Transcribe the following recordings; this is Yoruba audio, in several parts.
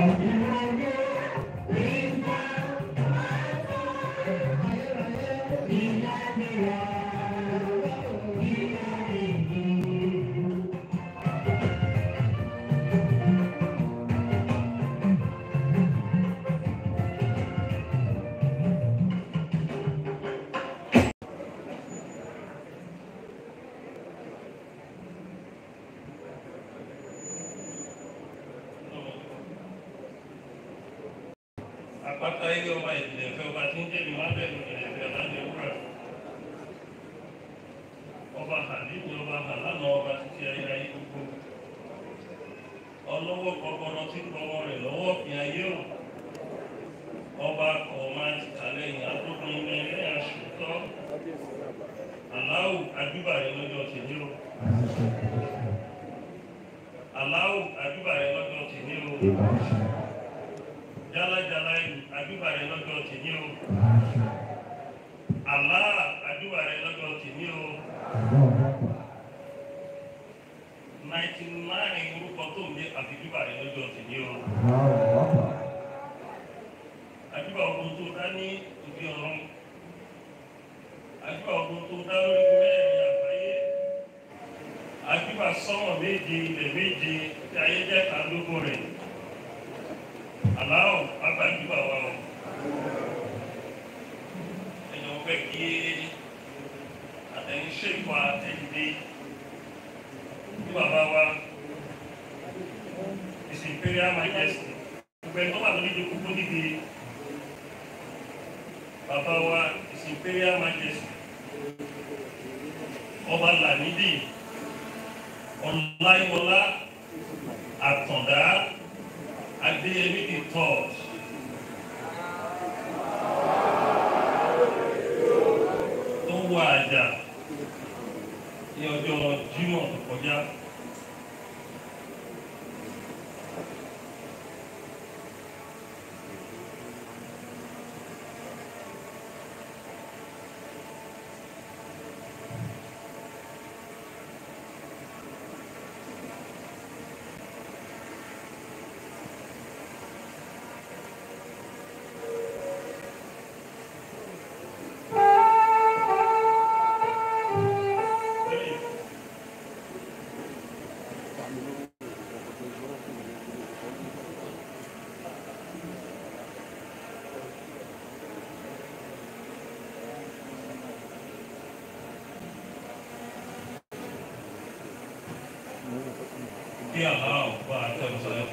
Thank you. ọba ìpìlẹ̀ ìfẹ́ ọba tí ń jẹ́ ìmọ̀lábẹ́ ìpìlẹ̀ ìfẹ́ láti òwúrọ̀ ọba àdìgbò ọba àlànà ọba títí ayé ayé gbogbo ọlọ́wọ́ kọ́kọ́rọ́ tí kọ́wọ́ ọba o o àdúrà rẹ lọ́dọ̀ tèmi o Allah àdúrà rẹ lọ́dọ̀ tèmi o náìtì náírà orúkọ tó ń lé àdúrà rẹ lọ́dọ̀ tèmi o àdúrà ogun tó dá ní ìdí ọ̀run àdúrà ogun tó dá lórí mẹ́rin àgbáyé àdúrà sọ́mọ̀ méje ilẹ̀ méje tí ayé jẹ́ kàdógún rẹ̀ aláwọ̀ bá ju àwa o ẹ̀yàn ọgbẹ́ kí àtẹ̀yìnṣẹ́ ìfọ̀ àtẹ̀yìndé ní bàbá wa his imperial majesty ọgbẹ́ tó wà lórí ìdókòwò níbi bàbá wa his imperial majesty ọba làmídì ọláyíwọlá àtọ̀dá adéyẹmí the third. àjà ní ọjọ́ Jímọ̀ tó kọjá. Yeah, oh, well, I thought so, that's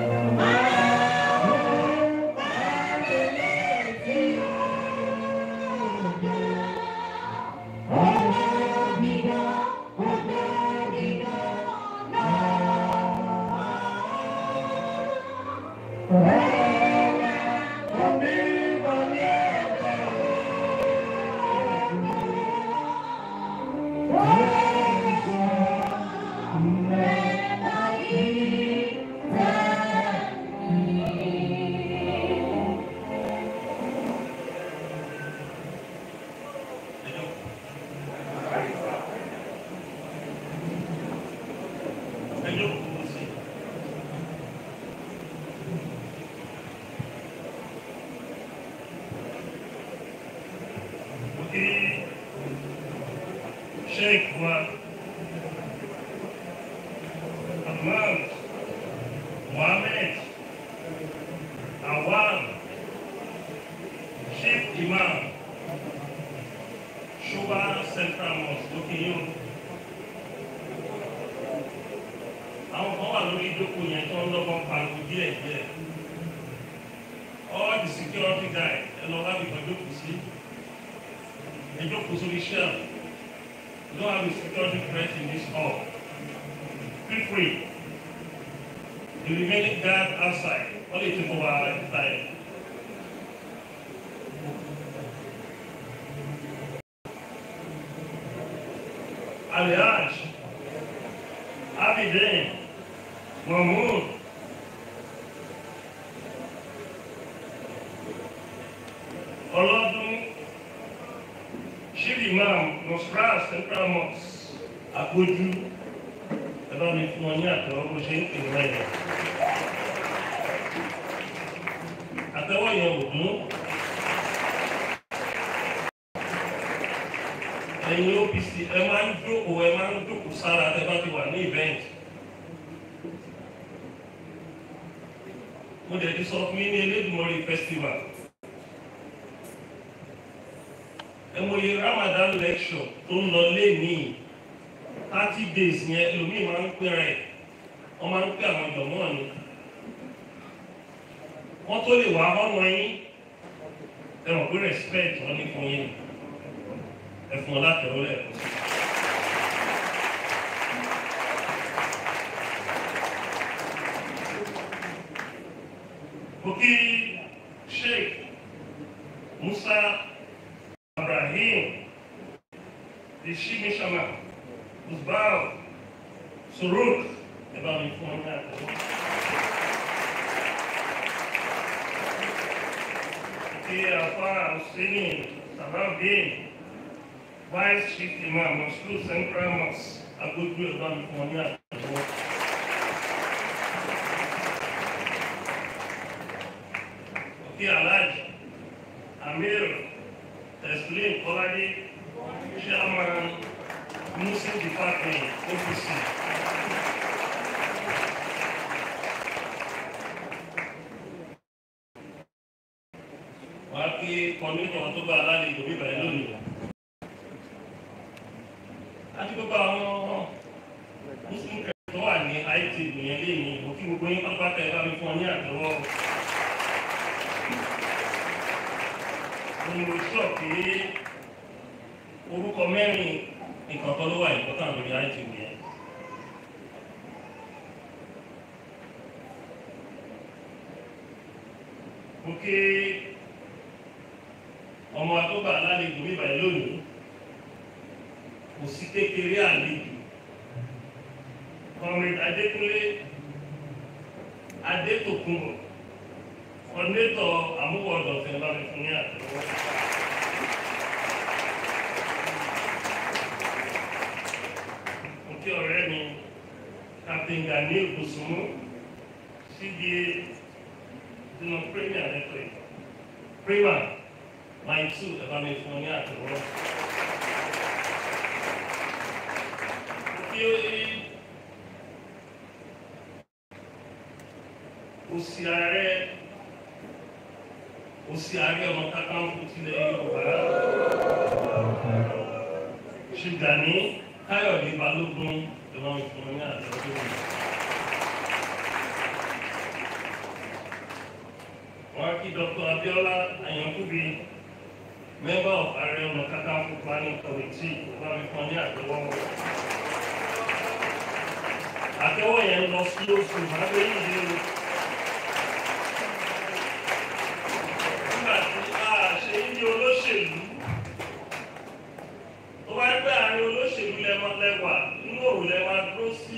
lórí ìjókòó yẹn tó ń lọ́gbọ́n pariwo díẹ̀ díẹ̀ all the security guy ẹ lọ wá ìgbà jókòó sí ẹ jókòó sórí shelf no have a security threat in this hall feel free the remaining guard outside only take over at the time. Aliás, Mahmoud. Ọlọ́dún Shibimam Nusras Central nos Agbójú ẹ̀rọ mi fún ọ ní àtẹ̀wọ́ bó ṣe ń pè náà yẹn. Àtẹ̀wọ́ yẹn ò mú. Ẹ̀yin OPC ẹ máa ń jókòó ẹ máa ń jókòó sára ẹ bá ti mo dẹ̀ ti sọ fún yín ní Elédùmarè festival ẹ mo Ramadan lecture tó ń lọ lẹ́nìí thirty days yẹn ẹlòmíì máa ń pẹ́ra ẹ̀ wọ́n máa ń pẹ́ àwọn jọ̀mọ́ ni wọ́n tó lè wá ọ̀nà yín ẹ mọ̀ pé respect wọn ní fún yín ẹ fún ọ látẹ̀wọ́lẹ̀ Porque Sheikh Musa Abrahim de me chamar. Os Suruk, é Baal informático, tá Porque a Hussein o Selim, Salabi, vai se estimar, mas tu sempre amas a cultura da informática. gbogbo àwọn muslim kẹfì tó wà ní it ìyẹn léyìn mo kí gbogbo yín pápá tẹ ẹ bá mi fún ọ ní àtẹ́wọ́ mo lọ sọ pé orúkọ mẹ́rin nǹkan kan ló wà important lórí it ìyẹn. mo adékúnlé adétòkùnbọ̀ kọ́ndétọ̀ àmúwọ̀dọ̀ fẹ́ bá mi fún ní àtẹ̀wọ́. mo kí ọ̀rẹ́ mi captain Ganiu Gùsùmù cba nínú premier lẹ́tọ̀ yìí premier line two ẹ̀ bá mi fún ní àtẹ̀wọ́. mo kí ó òsì ààrẹ òsì ààrẹ ọmọ kakanfò tilẹ̀ Yorùbá ṣùgbọ́n ní Káyọ̀dé Balógun ìwọ̀n ìfọ̀n ní àtọ́jú rẹ̀. wọ́n kí Dr. Abiola, Abíọ́lá Àyànkúbi member of Ààrẹ Ọ̀nà Kakanfò planning committee ìwọ̀n ìfọ̀n ní àtọ́wọ́ wọn. àtẹ́wọ́ yẹn lọ sí oṣù màgbé yìí lẹ́wà inú òrùlẹ́wà dúró sí.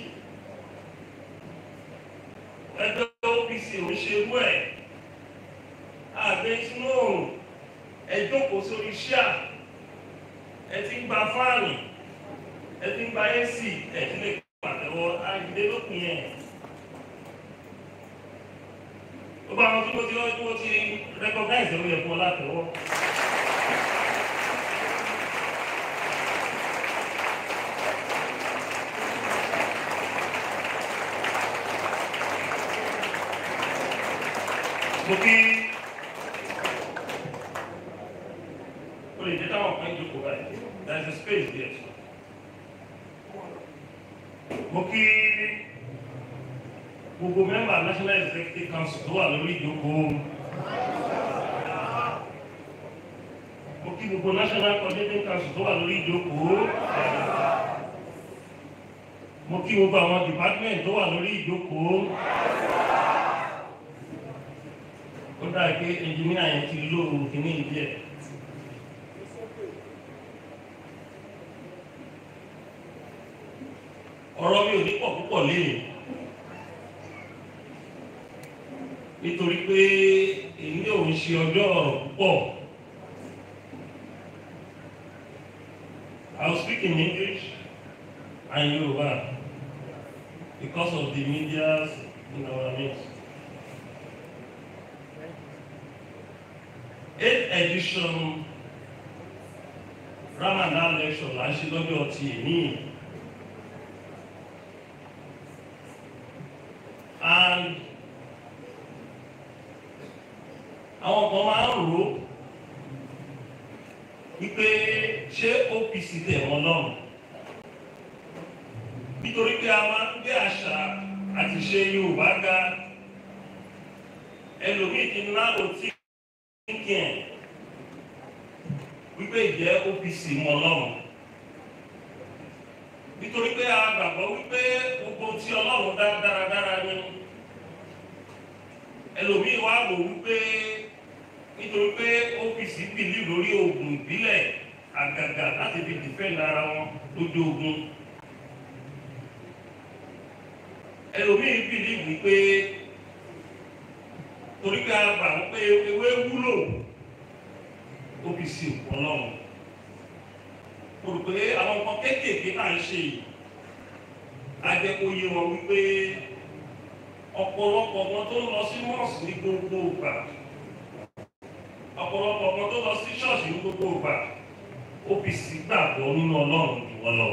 mo kí o lè dé táwọn kan jókòó báyìí there is a space there mo kí gbogbo mẹ́mbà national executive council tó wà lórí ìjókòó mo kí gbogbo national coordinating council tó wà lórí ìjókòó mo kí gbogbo àwọn department tó wà dà pé ẹnjìníà yẹn ti lo òkè ní ìdí ẹ̀. ọ̀rọ̀ mi ò ní pọ̀ púpọ̀ léèrè nítorí pé èyí ò ń ṣe ọjọ́ ọ̀rọ̀ púpọ̀. I will speak in English and Yoruba because of the medias in I mean. edition Ramadan lecture là ń ṣe lọ́jọ́ ti èmi. and àwọn kan máa ń rò ó wípé ṣé OPC tẹ̀ wọ́n lọ́rùn nítorí pé a máa ń gbé àṣà àti ṣe Yorùbá ga ẹlòmíì ti ná òtí. sì mú ọlọ́run nítorí pé a gbàgbọ́ wípé gbogbo tí ọlọ́run dá dáradára ni ẹlòmíì wá wò wípé nítorí pé ọ́fíìsì bìlí lórí oògùn ìbílẹ̀ àgàgà láti fi dìfẹ́ǹd ara wọn lójú ogun ẹlòmíì bìlí wípé torí pé a gbà wípé ewé wúlò ọ́fíìsì ọlọ́run mo rò pé àwọn nǹkan kéékèèké tá à ń ṣe yìí á jẹ́ kó yé wọn wípé ọ̀pọ̀lọpọ̀ kan tó lọ sí mọ́ọ̀sì ní gbogbo ìgbà ọ̀pọ̀lọpọ̀ kan tó lọ sí ṣọ́ọ̀ṣì ní gbogbo ìgbà ó fi sí gbàgbọ́ nínú ọlọ́run ìwọ lọ.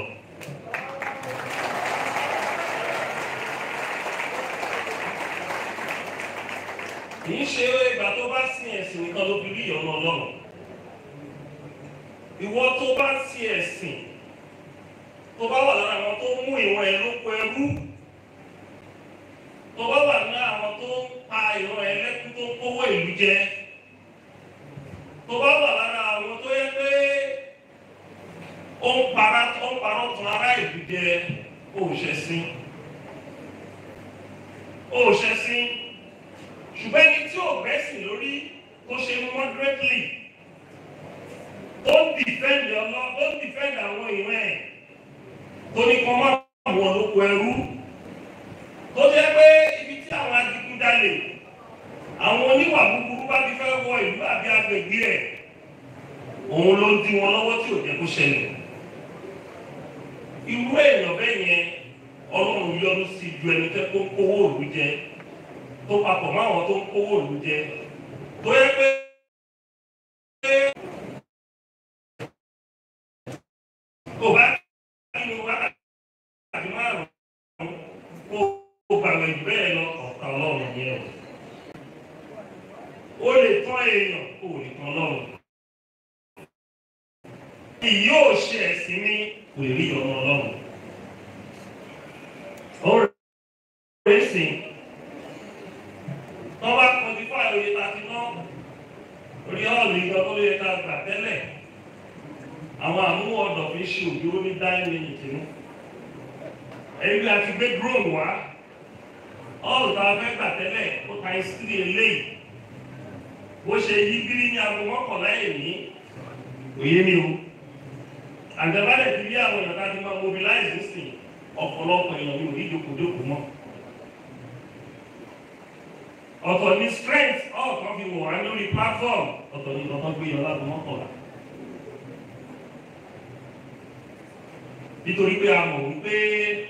kì í ṣe ìgbà tó bá sin ẹ̀sìn nìkan ló fi rí ìyọ́nú ọlọ́run ìwọ tó bá ti ẹ̀sìn tó bá wà lára àwọn tó mú ìwọ̀n ẹ̀ lóko ẹrú tó bá wà lára àwọn tó ń pa ìran ẹlẹ́kùn tó ń kówó ìlú jẹ tó bá wà lára àwọn tó yẹ pé ó ń para ó ń parọ́ tún ará ìlú jẹ òṣèṣin òṣèṣin ṣùgbọ́n ẹni tí ò bẹ́sìn lórí tó ṣe mọ́dúrẹ́kì ó ń dìfẹ́ǹdì ọlọ́ ó ń dìfẹ́ǹdì àwọn ìwé ẹ̀ tó ní kọ́ máa wọ̀ lóko ẹrú tó jẹ́ pé ibi tí àwọn adigunjalè àwọn oníwà búburú bá ti fẹ́ wọ ìlú àbí agbègbè ẹ̀ òun ló ń dí wọn lọ́wọ́ tí ò jẹ́ kó ṣẹlẹ̀ irú èèyàn bẹ́ẹ̀ yẹn ọlọ́run yọnu sí ju ẹni tẹ́ kó ń kówó òòlù jẹ tó papọ̀ máwọn tó ń kówó òòlù jẹ tó yẹ pé. ó bá nínú wákàtí márùn-ún ó gbàgbé jù bẹ́ẹ̀ lọ ọ̀tá ọlọ́run yẹn o ó lè tán èèyàn ó lè tán ọlọ́run ìyóò ṣe ẹ̀sìn ní kò lè rí ọmọ ọlọ́run. mẹ́gbà tẹ́lẹ̀ ó ta ìsírí eléyìí bó ṣe yí bírí ní aago mọ́kànlá èmi òye mi o àgbàbalẹ̀ ti rí àwọn èèyàn láti máa mobilize sí ọ̀pọ̀lọpọ̀ èèyàn mi ò rí ìjókòó-jókòó mọ́ ọ̀tọ̀ ní strength ọ̀kan fi wọ̀ wá lórí platform ọ̀tọ̀ ní ọ̀tọ̀ gbé yọ láti mọ́kànlá. nítorí pé a mọ̀ wípé.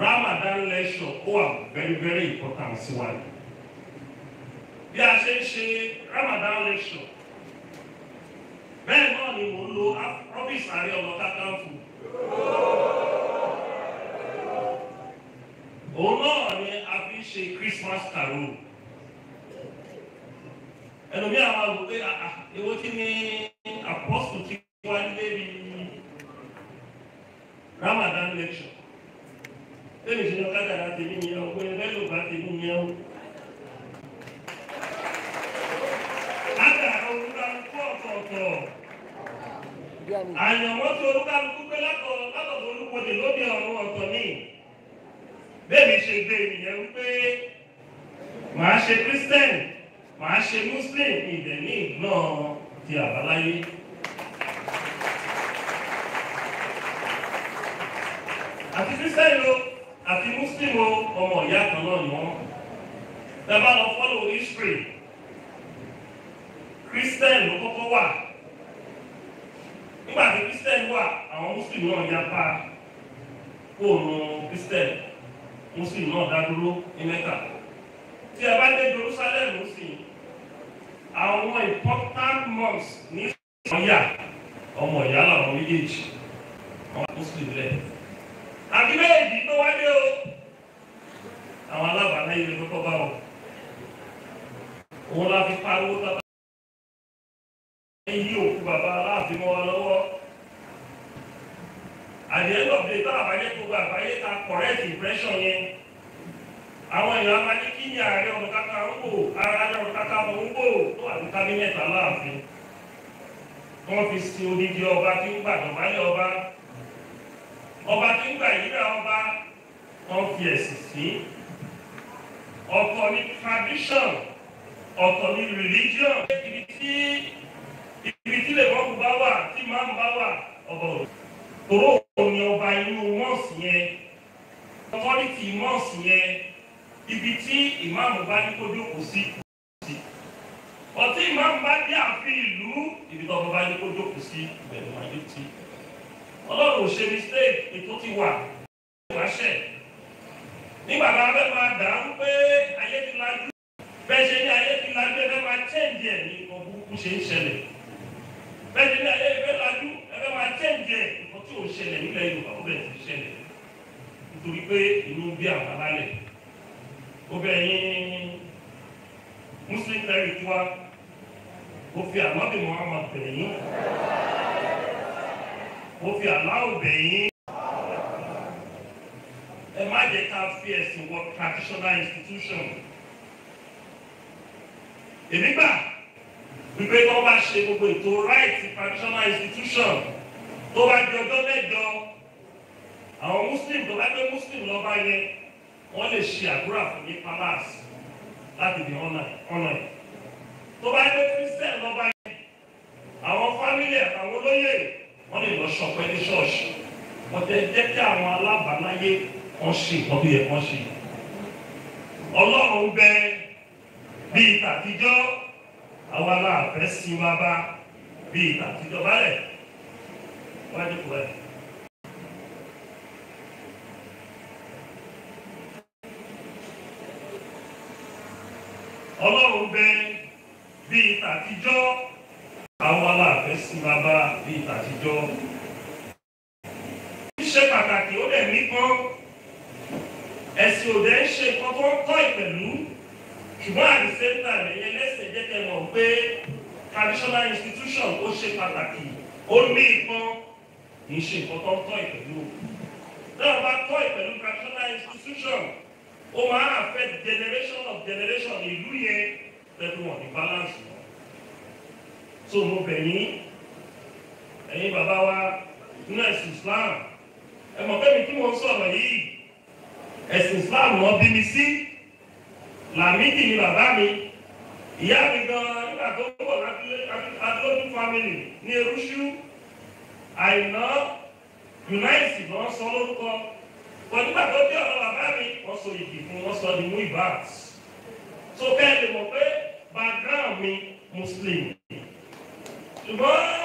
Ramadan lecture ó wà very very important sí wa yìí bí a ṣe ń ṣe Ramadan lecture bẹ́ẹ̀ náà ni mò ń lo ọ́fíìsì àárẹ̀ ọ̀nà kákàǹfò. òun náà ni a fi ń ṣe Christmas carol ẹlòmíà máa wò pé ah, ah, ewo kí ni apọ́sù ti wá nílé mi Ramadan lecture bẹ́ẹ̀ ṣe lọ kádàrá tèmi ni àwọn ọgbẹ́ bẹ́ẹ̀ ló bá tèmi ni àwọn. o olúwa kọ́ ọ̀tọ̀ọ̀tọ̀ àyànwọ́ tó olúwa gbogbo látọ̀ látọ̀ tó olúkọ̀dé lóde ọ̀run ọ̀tọ̀ ni bẹ́ẹ̀ ṣe gbé ènìyàn wípé màá ṣe Christian màá ṣe Muslim ìdẹ̀ ní ìgbọ́n ti àbáláyé. mùsùlùmù ọmọ ìyá kan náà ni wọ́n tẹ́lá lọ fọ́lọ̀ history christian ló kọ́kọ́ wà nígbà tí christian wà àwọn mùsùlùmù náà yá pa kóònù christian Muslim náà dá dúró ní mẹ́ta tí a bá dé jerusalem mùsùlùmù àwọn important mosques ní ọ̀yà ọmọ ìyá làwọn méjèèjì àwọn Muslim rẹ̀ àbí méjì tó wáyé o àwọn alábàárà yìí ló kọ́ bá wọn. òun la fi pariwo tata. yí òkú bàbá aláàfin mọ́ wa lọ́wọ́. àdéhùn ọ̀bẹ tá àbáyé gbogbo àbáyé ta correct impression yẹn. àwọn èèyàn máa kí ní ààrẹ ọ̀nà Kakanfò ààrẹ ọ̀nà Kakanfò tó àti cabinet aláàfin. wọ́n fi sin odidi ọba tí ń gbàdọ̀ máyé ọba. ọba tí ń gbà yíra ọba wọ́n fi ẹ̀sìn sí ọ̀tọ̀ ni tradition ọ̀tọ̀ ni religion. ibi tí ibi tí lè bọ́ọ̀bù bá wà tí máa bá wà ọ̀bọ̀ tòró òun ni ọba inú mọ́ọ̀sì yẹn authority mọ́ọ̀sì yẹn ibi tí ìmáàmù bá ní kó jókòó sí ọtí ìmáàmù bá dé àfin ìlú ibi tó ọba bá ní kó jókòó sí ìbẹ̀rù máa tí ọlọ́run ò ṣe mistake ètò ti wà ìwáṣẹ̀ nígbà bá a bẹ máa dà á wípé ayé ti lajú bẹ́ẹ̀ ṣe ní ayé ti lajú ẹgbẹ́ máa chẹ́ǹdì ẹ̀ ní nǹkan burúkú ṣe ń ṣẹlẹ̀ bẹ́ẹ̀ ṣe ní ayé ẹgbẹ́ lajú ẹgbẹ́ máa chẹ́ǹdì ẹ̀ nǹkan tí ò ń ṣẹlẹ̀ nílẹ̀ Yorùbá ó bẹ̀rẹ̀ sí ṣẹlẹ̀ nítorí pé inú bí àwọn alálẹ̀ ó bẹ̀rẹ̀ yín Muslim lẹ́rìí tiwa ó fi àlọ́ bí Muhammad bẹ̀yìn ó fi àlọ́ bẹ̀yìn ẹ might jẹ́ ká fi ẹ̀sìn wọ traditional institution. èmi we wípé tó bá ṣe gbogbo ètò right traditional institution To bá di ọjọ́ mẹ́jọ àwọn muslim tó bá gbé muslim lọ́ba yẹn only lè ṣe àdúrà in the palace That is the honor, honor. To bá gbé christian lọ́ba yẹn our family our àtàwọn olóyè wọ́n lè lọ ṣọpẹ́ ní ṣọ́ọ̀ṣì wọ́n tẹ́ jẹ́ kí àwọn alábàáláyé wọ́n ṣe nǹkan tó yẹ wọ́n ṣe. ọlọ́run bẹ bíi tàtijọ́ àwa láàfẹ́ sí wa bá bíi tàtijọ́ bálẹ̀ wájú kù ẹ̀. ọlọ́run bẹ bíi tàtijọ́ àwa láàfẹ́ sí wa bá bíi tàtijọ́. ṣe pàtàkì ó dẹ̀ ní kan ẹ̀sìn òde ń ṣe nǹkan tó ń tọ́ ìpẹ̀lú ṣùgbọ́n àdìsẹ́ nígbà rẹ̀ ẹlẹ́sẹ̀ jẹ́ kẹ́ mọ̀ pé traditional institution ó ṣe pàtàkì ó ní ìpọn kì í ṣe nǹkan tó ń tọ́ ìpẹ̀lú náà bá tọ́ ìpẹ̀lú traditional institution ó máa affect generation of generation ìlú yẹn lẹ́nu wọn ní balance wọn. so mo bẹ̀ yín ẹ̀yin bàbá wa nínú Islam ẹ̀ mọ̀ pé mi kí wọ́n sọ̀rọ̀ yìí ẹ̀sìn Islam wọn bí mi sí Lámídì ni bàbá mi ìyá mi gan nígbà tó wọ̀ adúlọ́dún family ní erúṣú àìná united ló ń sọ lórúkọ wọn nígbà tó dé ọ̀rọ̀ bàbá mi wọ́n sọ ìdì fún wọ́n sọ ní Muibat so kẹ́ ẹ lè mọ̀ pé background mi Muslim ṣùgbọ́n.